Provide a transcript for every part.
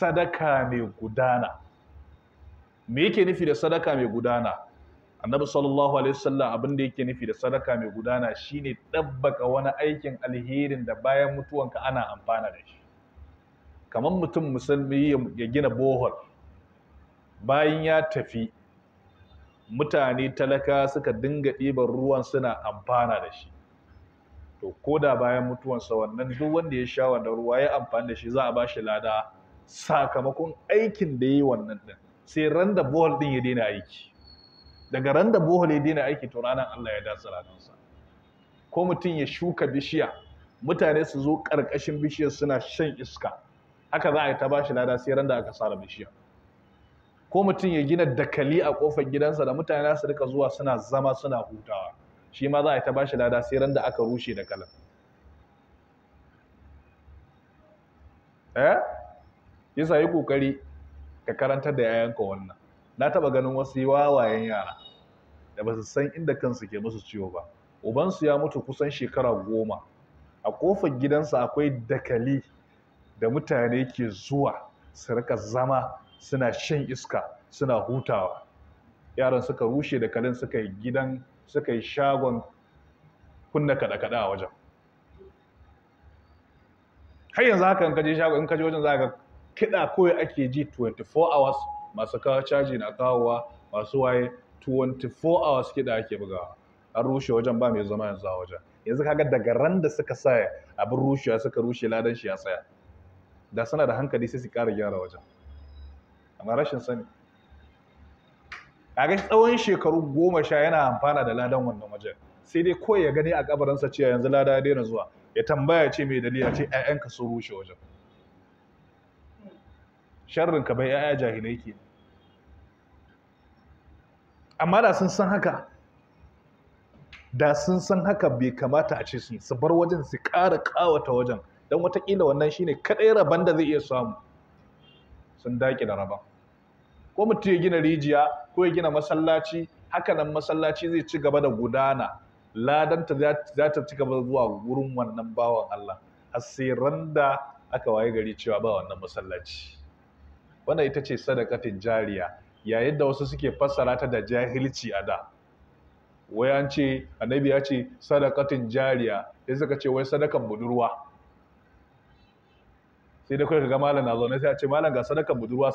sadaka mai gudana me yake nufi da sadaka mai gudana annabi sallallahu alaihi wasallam abin da yake nufi da sadaka mai gudana shine dabbaka wani aikin alherin da bayan mutuwanka ana amfana da shi kamar mutum musulmi ya gina bohol bayan ya tafi mutane talaka suka dinga ɗiban ruwan suna amfana da shi to ko da bayan mutuwansa wannan duk wanda ya sha wannan ruwa ya amfani da shi za a ba shi lada sakamakon aikin da yi wannan ɗin, sai ran da bohol ɗin ya daina aiki daga ran da bohol ya daina aiki to ranar Allah ya dasa ranarsa ko mutum ya shuka bishiya mutane su zo ƙarƙashin bishiyar suna shan iska haka za a yi ta ba shi lada sai ran da aka sara bishiya ko mutum ya gina dakali a ƙofar gidansa da mutane su rika zuwa suna zama suna hutawa shi ma za a yi ta ba shi lada sai ran da aka rushe dakalin eh yasa yi kokari ka karanta da yayanka wannan na taba ganin wasu wawayen yara da ba su san inda kansu ke musu ciwo ba ubansu ya mutu kusan shekara goma a kofar gidansa akwai dakali da mutane ke zuwa su rika zama suna shan iska suna hutawa yaran suka rushe dakalin suka yi gidan suka yi shagon kunna kaɗa-kaɗa a wajen har yanzu haka in kaje shagon in kaje wajen za ka kiɗa kawai ake ji 24 hours masu kawo caji na kawowa masu waye 24 hours kiɗa ake bugawa an rushe wajen ba mai zama yanzu a wajen yanzu kaga daga ran da suka sa abin rushewa suka rushe ladan shi ya tsaya da suna da hankali sai su ƙara gyara wajen amma rashin sani kaga tsawon shekaru goma sha yana amfana da ladan wannan wajen sai dai kawai ya gani a kabarinsa cewa yanzu lada ya daina zuwa ya tambaya ce mai dalila ce 'ya'yanka sun rushe wajen sharrin ka bai yaya jahilai ke amma da sun san haka da sun san haka bai kamata a ce su su bar wajen su ƙara ƙawata wajen don watakila wannan shine kaɗai rabon da zai iya samu sun daƙi da rabon ko mutum ya gina rijiya ko ya gina masallaci haka nan masallaci zai ci gaba da gudana ladanta za ta ci gaba zuwa wurin wannan bawan Allah asiran da aka waye gari cewa ba wannan masallaci wannan ita ce sadakatin jariya yayin da wasu suke fassara ta da jahilci a da wai an ce annabi ya ce sadakatin jariya Ya suka ce wai sadakan budurwa sai da kuka ga malam na zaune sai a ce malam ga sadakan budurwa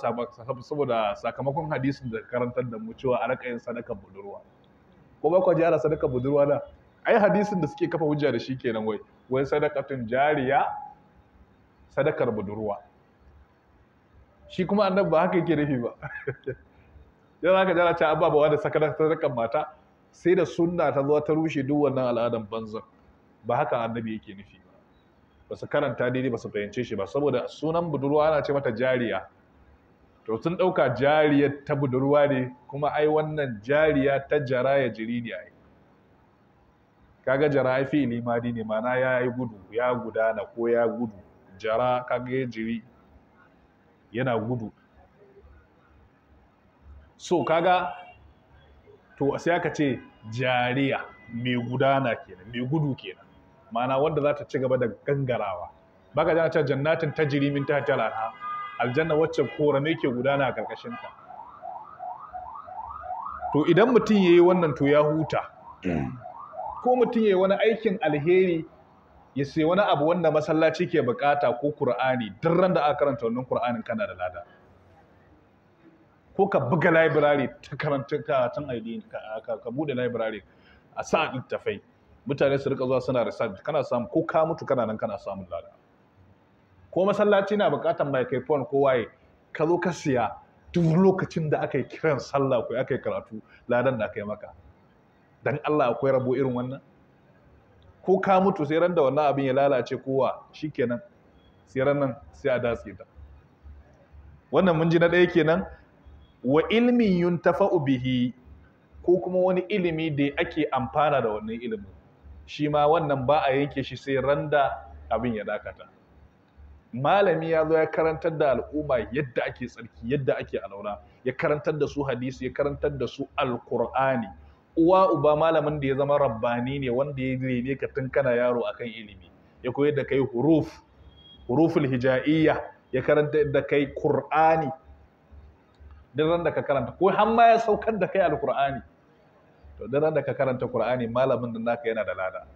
saboda sakamakon hadisin da karantar da mu cewa a raka yin sadakan budurwa ko ba ku ji ana sadakan budurwa da ai hadisin da suke kafa hujja da shi kenan wai wai sadakatun jariya sadakar budurwa shi kuma annabi ba haka yake nufi ba yana haka jana ta ababawa da sakadar mata sai da sunna ta zuwa ta rushe duk wannan al'adan banzan ba haka annabi yake nufi ba ba su karanta daidai ba su fahimce shi ba saboda sunan budurwa ana ce mata jariya to sun ɗauka jariya ta budurwa ne kuma ai wannan jariya ta jara ya jiri ne ai kaga jara ai fi limadi ne mana ya yi gudu ya gudana ko ya gudu jara kaga ya jiri yana gudu so kaga to sai aka ce jariya mai gudana kenan mai gudu kenan ma'ana wanda za ta ci gaba da gangarawa baka ji ta jannatin tajri min ta aljanna wacce korame ke gudana a karkashin ta to idan mutum yayi wannan to ya huta mm. ko mutum yayi wani aikin alheri ya sai wani abu wanda masallaci ke bukata ko Kur'ani duk randa da aka karanta wannan Kur'anin kana da lada ko ka buga library ta karanta karatun addini ka ka bude library a sa littafai mutane su rika zuwa suna research kana samu ko ka mutu kana nan kana samun lada ko masallaci na bukatan microphone ko waye ka zo ka siya duk lokacin da aka yi kiran sallah ko aka yi karatu ladan da kai maka dan Allah akwai rabo irin wannan ko ka mutu sai ran da wannan abin ya lalace kowa shikenan sai ran nan sai a datse ta wannan mun ji na ɗaya kenan wa ilmin yuntafa'u bihi ko kuma wani ilimi da ake amfana da wannan ilimin shi ma wannan ba a yanke shi sai ran da abin ya dakata malami ya zo ya karantar da al'umma yadda ake tsarki yadda ake alaura ya karantar da su hadisi ya karantar da su alkur'ani uwa uba malamin da ya zama rabbani ne wanda ya rene ka tun kana yaro akan ilimi ya koyar da kai huruf huruful hija'iyya ya karanta da kai qur'ani duk ran da ka karanta ko har ma ya saukar da kai alqur'ani to duk ran da ka karanta qur'ani malamin da naka yana da lada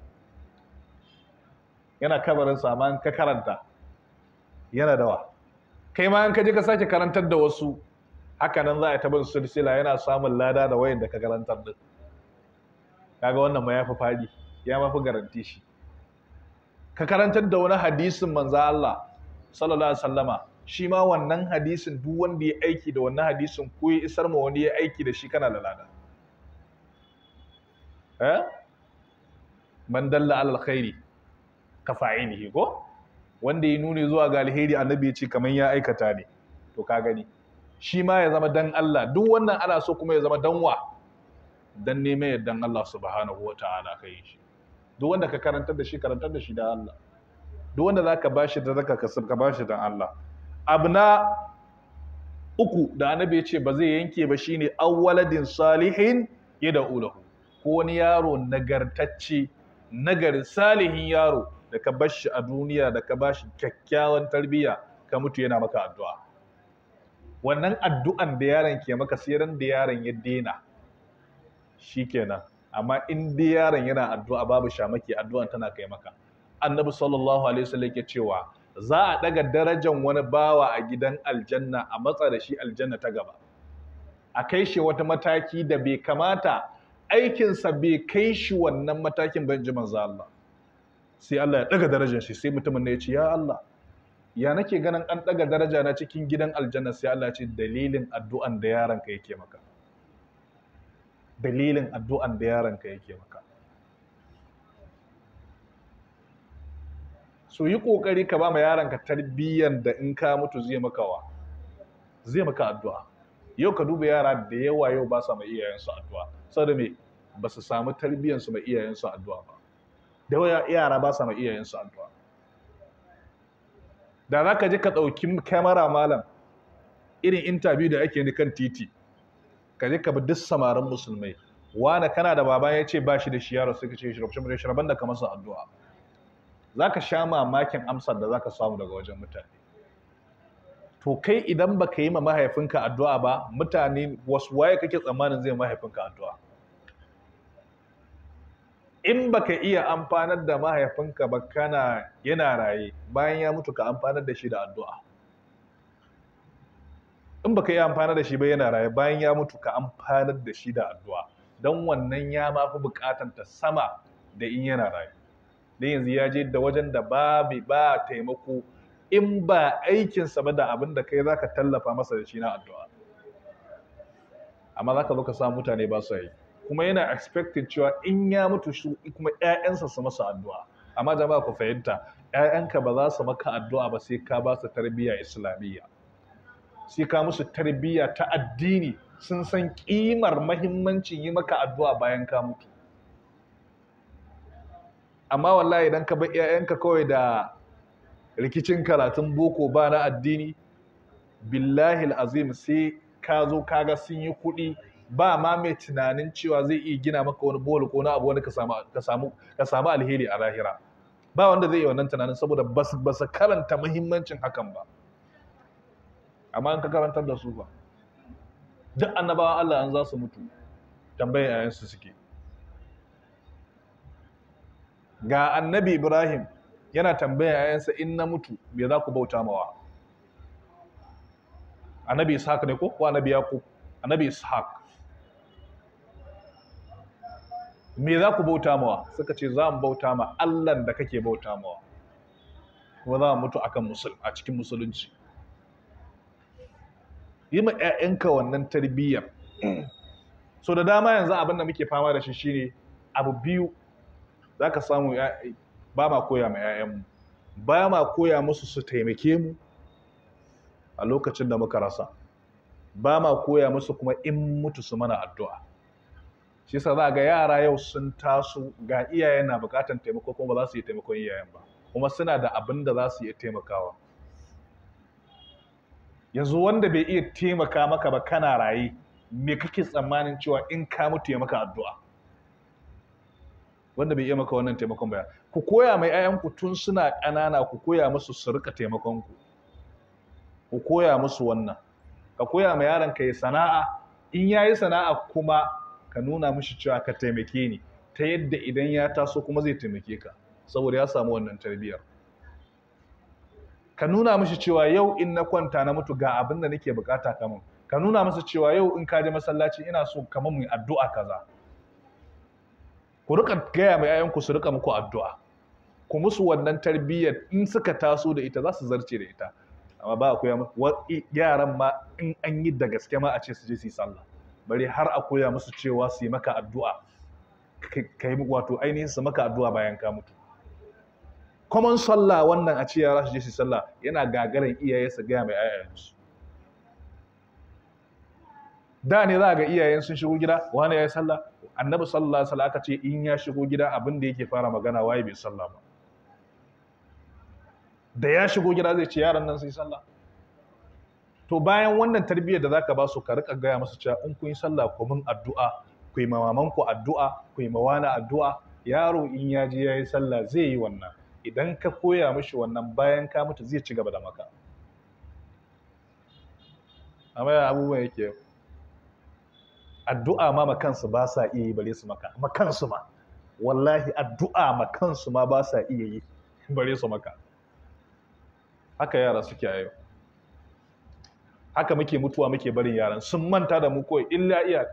yana kabarin saman ka karanta yana dawa kai ma an ka je ka sake karantar da wasu haka nan za a ta bin silsila yana samun lada da wayan da ka karantar din kaga wannan ma yafi fadi ya ma fi garanti shi ka karantar da wani hadisin manzo Allah sallallahu alaihi wasallama shi ma wannan hadisin duk wanda ya aiki da wannan hadisin ko ya isar ma wani ya aiki da shi kana da lada eh man dalla alal khairi ka fa'ilihi ko wanda ya nune zuwa ga alheri annabi ya ce kaman ya aikata ne to ka gani shi ma ya zama dan Allah duk wannan ana so kuma ya zama danwa dan neman yardan Allah subhanahu wa ta'ala ka yi shi duk wanda ka karantar da shi karantar da shi da Allah duk wanda za ka bashi da zaka kasar ka bashi da Allah abna uku da annabi ya ce ba zai yanke ba shine awwaladin salihin ya ulahu ko wani yaro nagartacce nagarin salihin yaro da ka bashi a duniya da ka bashi kyakkyawan tarbiyya ka mutu yana maka addu'a wannan addu'an da yaron ke maka sai da yaron ya daina. Shi kenan. amma in dai yaron yana addu'a babu shamaki addu'an tana kai maka annabi sallallahu alaihi wasallam yake cewa za a daga darajar wani bawa a gidan aljanna a matsa da shi aljanna ta gaba a kai shi wata mataki da bai kamata aikinsa bai kai shi wannan matakin ban ji manzo Allah sai Allah ya daga darajar shi sai mutumin ne ya ce ya Allah ya nake ganin an daga daraja na cikin gidan aljanna sai Allah ya ce dalilin addu'an da yaron ka yake maka dalilin addu'an da yaranka yake maka so yi ƙoƙari ka ba ma yaranka tarbiyyan da in ka mutu zai maka wa zai maka addu'a yau ka duba yara da yawa yau ba sa mai iyayensu addu'a saboda me ba su samu tarbiyyansu mai iyayensu addu'a ba da yawa yara ba sa mai iyayensu addu'a da za ka je ka ɗauki kyamara malam irin intabiyu da ake ni kan titi Kaje ka bi duk samarin musulmai wane kana da baba ya ce ba shi da shi yaro sai ka ce shi mutum shi da ka masa addu'a za ka sha mamakin amsar da za ka samu daga wajen mutane to kai idan ba ka yi ma mahaifinka addu'a ba mutane wasu waye kake tsammanin zai mahaifinka addu'a in ba ka iya amfanar da mahaifinka ba kana yana raye bayan ya mutu ka amfanar da shi da addu'a in baka yi amfana da shi ba yana raye bayan ya mutu ka amfanar da shi da addu'a don wannan ya ma fi bukatan ta sama da in yana raye dan yanzu ya je da wajen da babu ba taimako in ba aikin sa ba da abin da kai zaka tallafa masa da shi na addu'a amma zaka zo ka sa mutane ba su yi kuma yana expecting cewa in ya mutu shi kuma ƴaƴansa su masa addu'a amma jama'a ku fahimta ƴaƴanka ba za su maka addu'a ba sai ka ba su tarbiyya islamiyya sai ka musu tarbiyya ta addini sun san ƙimar mahimmancin yi maka addu'a bayan ka mutu amma wallahi idan ka bar 'ya'yanka kawai da rikicin karatun boko ba na addini billahi azim sai ka zo kaga sun yi kuɗi ba ma mai tunanin cewa zai iya gina maka wani bolo ko na abu wani ka samu alheri a lahira ba wanda zai yi wannan tunanin saboda ba karanta muhimmancin hakan ba amma in ka karantar da su ba duk annabawan Allah an za su mutu tambayin yayansu suke ga annabi Ibrahim yana tambayin yayansa in na mutu me za ku bauta mawa annabi Ishaq ne ko ko annabi Yaqub annabi Ishaq me za ku bauta mawa suka ce za mu bauta ma Allah da kake bauta mawa kuma za mu mutu akan a cikin musulunci yi ma 'ya'yanka wannan tarbiyyar mm. so da dama yanzu abin da muke fama da shi shine abu biyu za ka samu ba ma koya ma 'ya'yanmu ba ma koya musu su taimake mu a lokacin da muka rasa ba ma koya musu kuma in mutu su mana addu'a shi sa za ga yara yau sun taso ga iyayen na bukatan taimako kuma ba za su yi taimakon iyayen ba kuma suna da abin da za su iya taimakawa yanzu wanda bai iya taimaka maka ba kana raye me kake tsammanin cewa in ka mutu ya maka addu'a wanda bai iya maka wannan taimakon ba ku koya mai ayanku tun suna ƙanana ku koya musu su rika taimakon ku ku koya musu wannan ka koya ma yaron ka yi sana'a in ya yi sana'a kuma ka nuna mishi cewa ka taimake ni ta yadda idan ya taso kuma zai taimake ka saboda ya samu wannan tarbiyyar ka nuna mishi cewa yau in na kwanta na mutu ga abin da nake bukata kamun ka nuna masa cewa yau in ka je masallaci ina so kamar mu addu'a kaza ku rika gaya mai ku su rika muku addu'a ku musu wannan tarbiyyar in suka taso da ita za su zarce da ita amma ba a koya musu yaran ma in an yi da gaske ma a ce su je su yi sallah bari har a koya musu cewa su yi maka addu'a kai wato ainihin su maka addu'a bayan ka mutu common sallah wannan a ce yara su je su sallah yana gagarin iyaye su gaya mai ayayensu da ne za ga iyayen sun shigo gida wani ya yi sallah annabi sallah sallah aka ce in ya shigo gida abin da yake fara magana waye bai sallah ba da ya shigo gida zai ce yaran nan sai sallah to bayan wannan tarbiyyar da zaka ba su ka rika gaya masu cewa in kun yi sallah ku mun addu'a ku yi mamaman addu'a ku yi mawana addu'a yaro in ya je ya yi sallah zai yi wannan idan ka koya mishi wannan bayan ka mutu zai ci gaba da maka amma ya abubuwan yake addu'a ma makansu ba sa iya yi bare su maka makansu ma wallahi addu'a makansu ma ba sa iya yi bare su maka haka yara suke a yau haka muke mutuwa muke barin yaran sun manta da mu kawai illa iya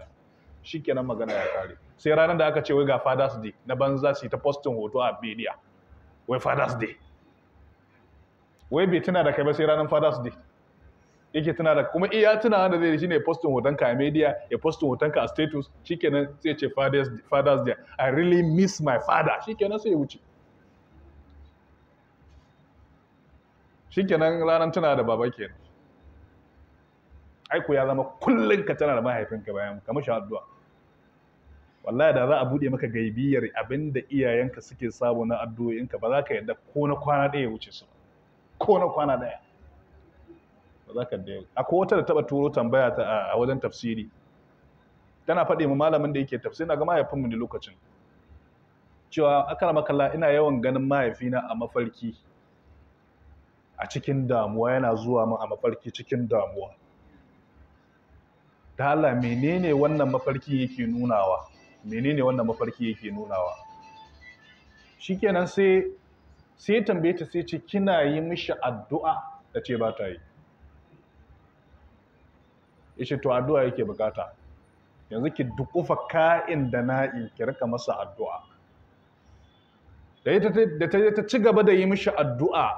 shikenan magana ya kare sai ranar da aka ce wai ga su je na banza su ta postin hoto a media wai fathers day wai bai tuna da kai ba sai ranar fathers day yake tuna da kuma iya tuna da zai shine postin hotonka a media ya postin hotonka a status shikenan sai ce fathers day i really miss my father shikenan sai ya wuce shikenan ranar tuna da baba kenan aiko ya zama kullum ka tana da mahaifinka bayan kamar shi addu'a wallahi da za a bude maka gaibiyar abinda iyayenka suke sabo na addu'o'inka ba za ka yadda ko na kwana ɗaya wuce su ko na kwana ɗaya ba za ka akwai wata da taba turo tambaya ta a wajen tafsiri tana faɗi mu malamin da yake tafsiri na ga mahaifinmu ne lokacin cewa akara makalla ina yawan ganin mahaifina a mafarki a cikin damuwa yana zuwa mu a mafarki cikin damuwa da Allah menene wannan mafarki yake nunawa menene wannan mafarki yake nunawa shikenan sai sai tambaye ta sai ce kina yi mishi addu'a ta ce ba ta yi yace to addu'a yake bukata yanzu ki dukufa ka'in da na'i ki rika masa addu'a da ta ta ci gaba da yi mishi addu'a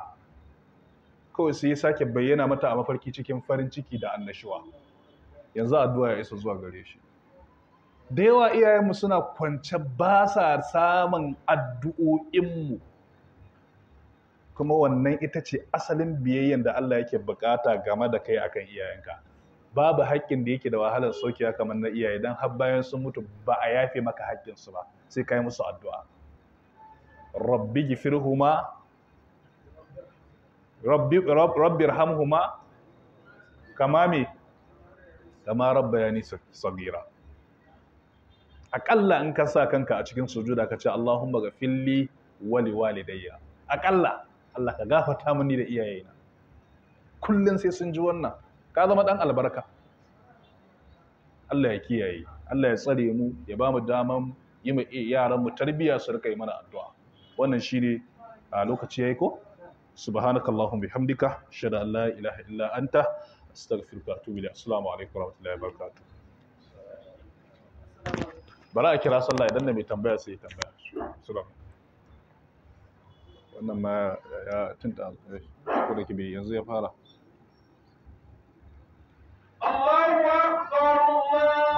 kawai sai ya sake bayyana mata a mafarki cikin farin ciki da annashuwa yanzu addu'a ya isa zuwa gare shi da yawa iyayenmu suna kwance ba sa samun addu'o'inmu kuma wannan ita ce asalin biyayyen da Allah yake bukata game da kai akan iyayenka babu haƙƙin da yake da wahalar sokiya kamar na iyaye don har bayan sun mutu ba a yafe maka haƙƙinsu ba sai ka yi musu addu'a rabbi gifirhuma rabbi rabbi rahamhuma kama me kama sagira aƙalla in ka sa kanka a cikin sujuda ka ce Allahumma wali-wali liwalidayya aƙalla Allah ka gafarta mini da iyayena Kullum sai sun ji wannan ka zama ɗan albarka Allah ya kiyaye Allah ya tsare mu ya ba mu daman yi mu yaran mu tarbiyya su rika mana addu'a wannan shine a lokaci yayi ko subhanakallahumma bihamdika shada la ilaha illa anta astaghfiruka wa atubu assalamu alaikum wa barakatuh bara a kira sallah idan da mai tambaya sai ya tambaya sulam wannan ma ya tinta, ko da kibi yanzu ya fara Allahu akbar Allah